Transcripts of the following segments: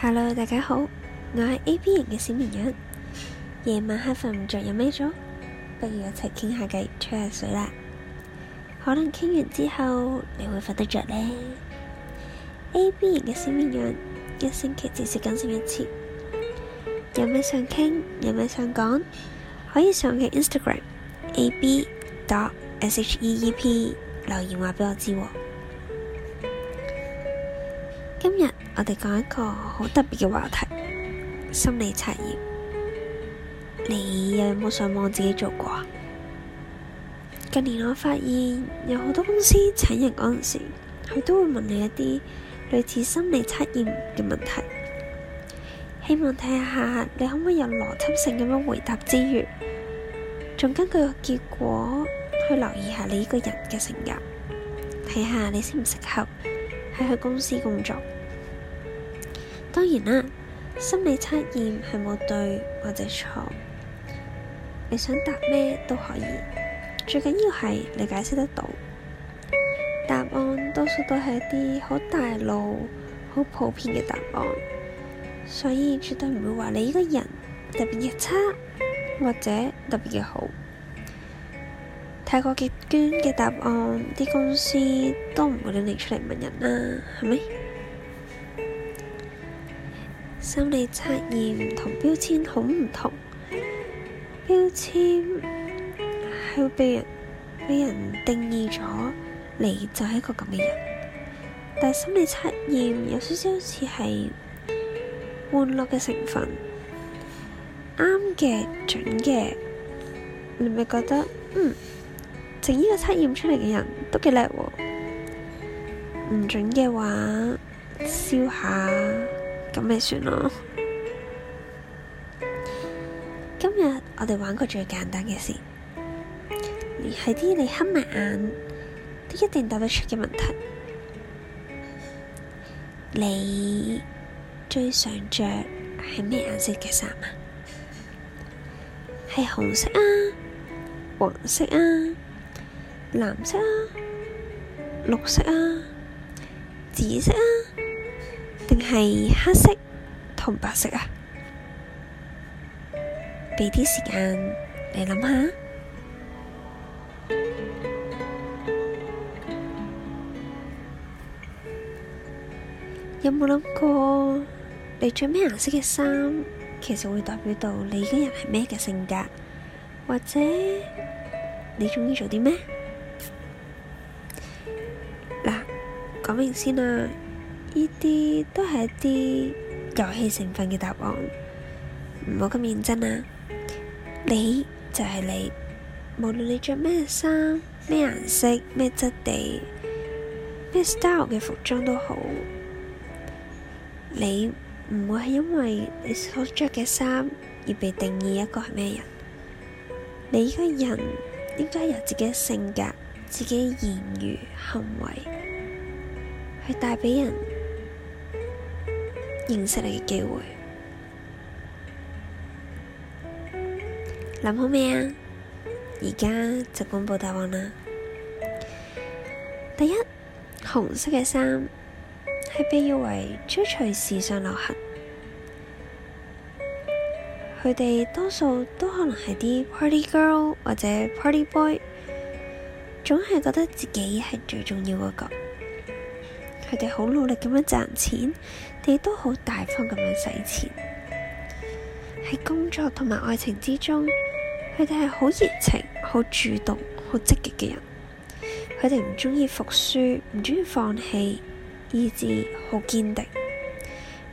Hello，大家好，我係 A B 型嘅小綿羊。夜晚黑瞓唔着，有咩做？不如一齊傾下偈吹下水啦。可能傾完之後，你會瞓得着呢。A B 型嘅小綿羊，一星期至少更新一次。有咩想傾，有咩想講，可以上去 Instagram A B dot S, S H E E P 留言話畀我知喎。我哋講一個好特別嘅話題，心理測驗。你有冇上網自己做過啊？近年我發現有好多公司請人嗰陣時，佢都會問你一啲類似心理測驗嘅問題。希望睇下你可唔可以有邏輯性咁樣回答之餘，仲根據個結果去留意下你呢個人嘅性格，睇下你適唔適合喺佢公司工作。當然啦，心理測驗係冇對或者錯，你想答咩都可以，最緊要係你解釋得到。答案多數都係一啲好大路、好普遍嘅答案，所以絕對唔會話你呢個人特別嘅差或者特別嘅好，太過極端嘅答案，啲公司都唔會拎你出嚟問人啦，啊，係咪？心理測驗同標籤好唔同，標籤係會俾人俾人定義咗，你就係一個咁嘅人。但係心理測驗有少少好似係玩樂嘅成分，啱嘅準嘅，你咪覺得嗯，整呢個測驗出嚟嘅人都幾叻喎。唔準嘅話，笑下。咁咪算咯。今日我哋玩個最簡單嘅事，係啲你黑埋眼都一定答得出嘅問題。你最想着係咩顏色嘅衫啊？係紅色啊，黃色啊，藍色啊，綠色啊，紫色啊？係黑色同白色啊！畀啲時間你諗下。 有冇諗過你着咩顏色嘅衫，其實會代表到你嘅人係咩嘅性格，或者你鍾意做啲咩？嗱， 講明先啦。呢啲都係一啲遊戲成分嘅答案，唔好咁認真啊！你就係你，無論你着咩衫，咩顏色，咩質地，咩 style 嘅服裝都好，你唔會係因為你所着嘅衫而被定義一個係咩人。你個人應該有自己嘅性格、自己嘅言語行為，去帶俾人。認識你嘅機會，諗好未啊？而家就公布答案啦。第一，紅色嘅衫係被譽為追隨時尚流行，佢哋多數都可能係啲 party girl 或者 party boy，總係覺得自己係最重要嗰個。佢哋好努力咁樣賺錢，亦都好大方咁樣使錢。喺工作同埋愛情之中，佢哋係好熱情、好主動、好積極嘅人。佢哋唔中意服輸，唔中意放棄，意志好堅定，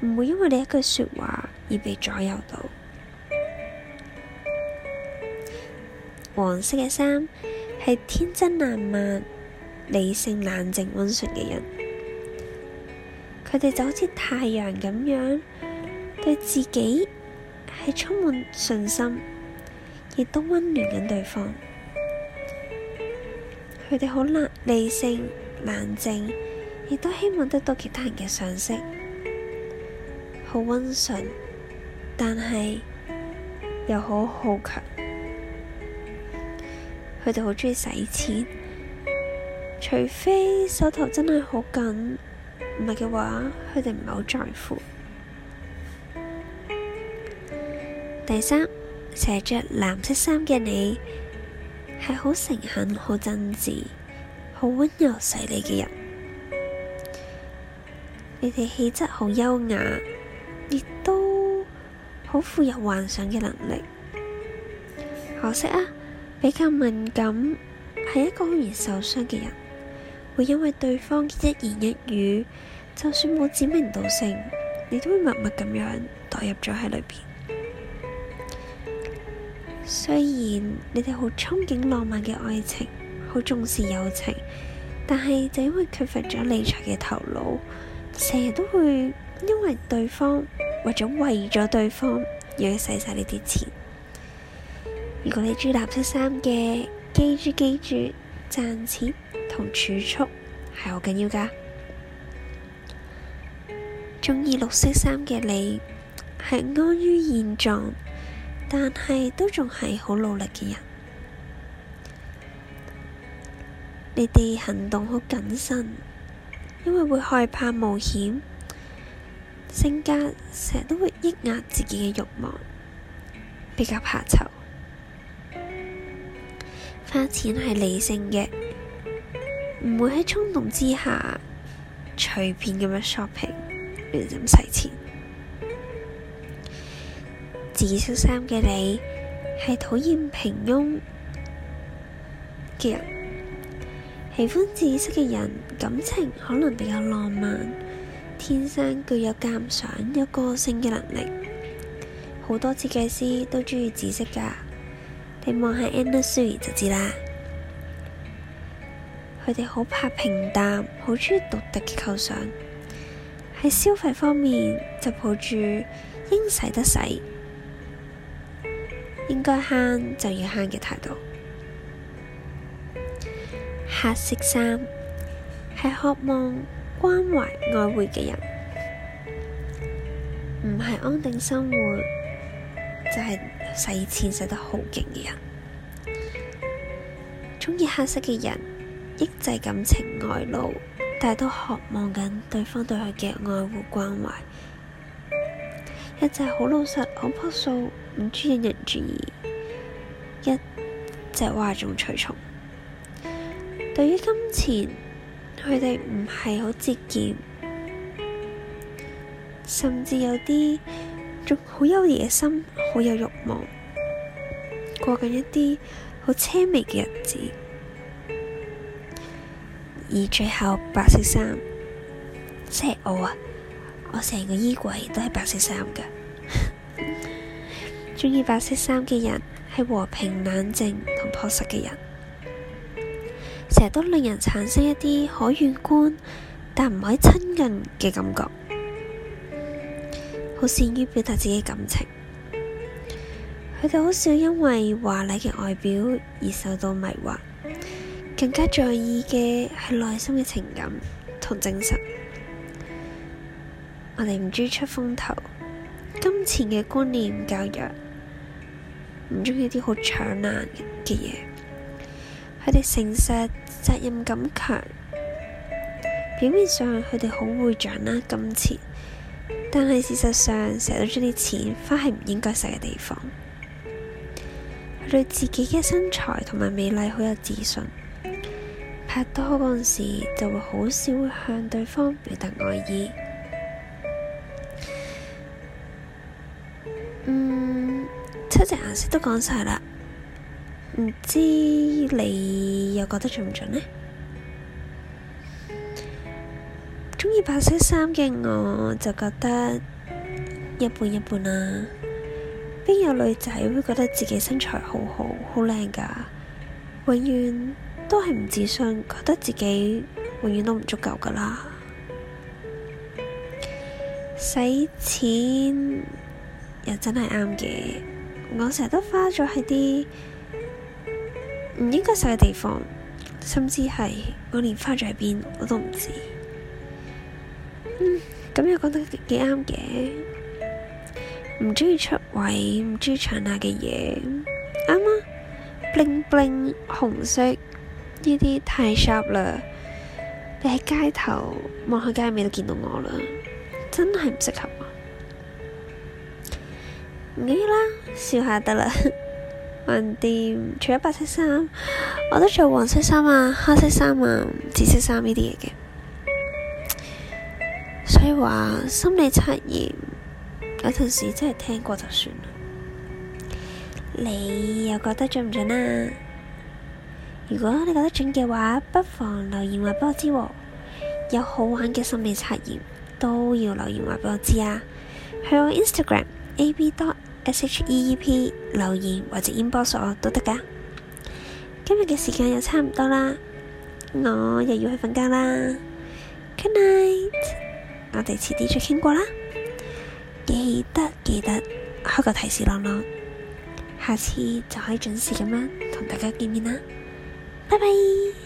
唔會因為你一句說話而被左右到。黃色嘅衫，係天真爛漫、理性冷靜、溫順嘅人。佢哋就好似太陽咁樣，對自己係充滿信心，亦都溫暖緊對方。佢哋好冷，理性冷靜，亦都希望得到其他人嘅賞識，好溫順，但係又好好強。佢哋好中意使錢，除非手頭真係好緊。唔係嘅話，佢哋唔係好在乎。第三，成日着藍色衫嘅你，係好誠懇、好真摯、好溫柔、細膩嘅人。你哋氣質好優雅，亦都好富有幻想嘅能力。可惜啊，比較敏感，係一個好易受傷嘅人。會因為對方一言一語，就算冇指名道姓，你都會默默咁樣代入咗喺裏邊。雖然你哋好憧憬浪漫嘅愛情，好重視友情，但係就因為缺乏咗理財嘅頭腦，成日都會因為對方或者為咗對方而使晒你啲錢。如果你着藍色衫嘅，記住記住賺錢同儲蓄係好緊要噶。鍾意綠色衫嘅你係安於現狀，但係都仲係好努力嘅人。你哋行動好謹慎，因為會害怕冒險，性格成日都會抑壓自己嘅慾望，比較怕醜。花錢係理性嘅。唔會喺衝動之下隨便咁樣 shopping 亂咁使錢。紫色衫嘅你係討厭平庸嘅人，喜歡紫色嘅人感情可能比較浪漫，天生具有鑒賞有個性嘅能力。好多設計師都鍾意紫色噶，你望下 Anna Sui 就知啦。佢哋好怕平淡，好中意獨特嘅構想。喺消費方面就抱住應使得使，應該慳就要慳嘅態度。黑色衫係渴望關懷、愛護嘅人，唔係安定生活，就係使錢使得好勁嘅人，中意黑色嘅人。抑制感情外露，但係都渴望緊對方對佢嘅愛護關懷。一就好老實、好樸素、唔中意引人注意，一就嘩眾取寵。對於金錢，佢哋唔係好節儉，甚至有啲仲好有野心，好有欲望，過緊一啲好奢靡嘅日子。而最後白色衫，即係我啊！我成個衣櫃都係白色衫噶。中 意白色衫嘅人係和平、冷靜同樸實嘅人，成日都令人產生一啲可遠觀但唔可以親近嘅感覺。好善於表達自己感情，佢哋好少因為華麗嘅外表而受到迷惑。更加在意嘅係內心嘅情感同精神。我哋唔中意出風頭，金錢嘅觀念較弱，唔中意啲好搶眼嘅嘢。佢哋誠實，責任感強，表面上佢哋好會掌握金錢，但係事實上成日都將啲錢花喺唔應該使嘅地方。佢對自己嘅身材同埋美麗好有自信。拍拖嗰陣時，就會好少向對方表達愛意。嗯，七隻顏色都講晒啦，唔知你又覺得準唔準呢？鍾意白色衫嘅我就覺得一半一半啦、啊。邊有女仔會覺得自己身材好好，好靚噶？永遠。都係唔自信，覺得自己永遠都唔足夠噶啦。使錢又真係啱嘅，我成日都花咗喺啲唔應該使嘅地方，甚至係我連花咗喺邊我都唔知。嗯，咁又講得幾啱嘅，唔中意出位，唔中意搶下嘅嘢，啱啊！bling bling 紅色。呢啲太 sharp 啦！你喺街頭望去街尾就見到我啦，真係唔適合啊！唔緊要啦，笑下得啦。橫掂，除咗白色衫，我都着黃色衫啊、黑色衫啊、紫色衫呢啲嘢嘅。所以話心理測驗有陣時真係聽過就算啦。你又覺得準唔準啊？如果你覺得準嘅話，不妨留言話俾我知喎。有好玩嘅心理測驗都要留言話俾我知啊！去我 Instagram A B dot S H E E P 留言或者 inbox 我都得㗎。今日嘅時間又差唔多啦，我又要去瞓覺啦。Good night，我哋遲啲再傾過啦。記得記得開個提示朗朗，下次就可以準時咁樣同大家見面啦。拜拜。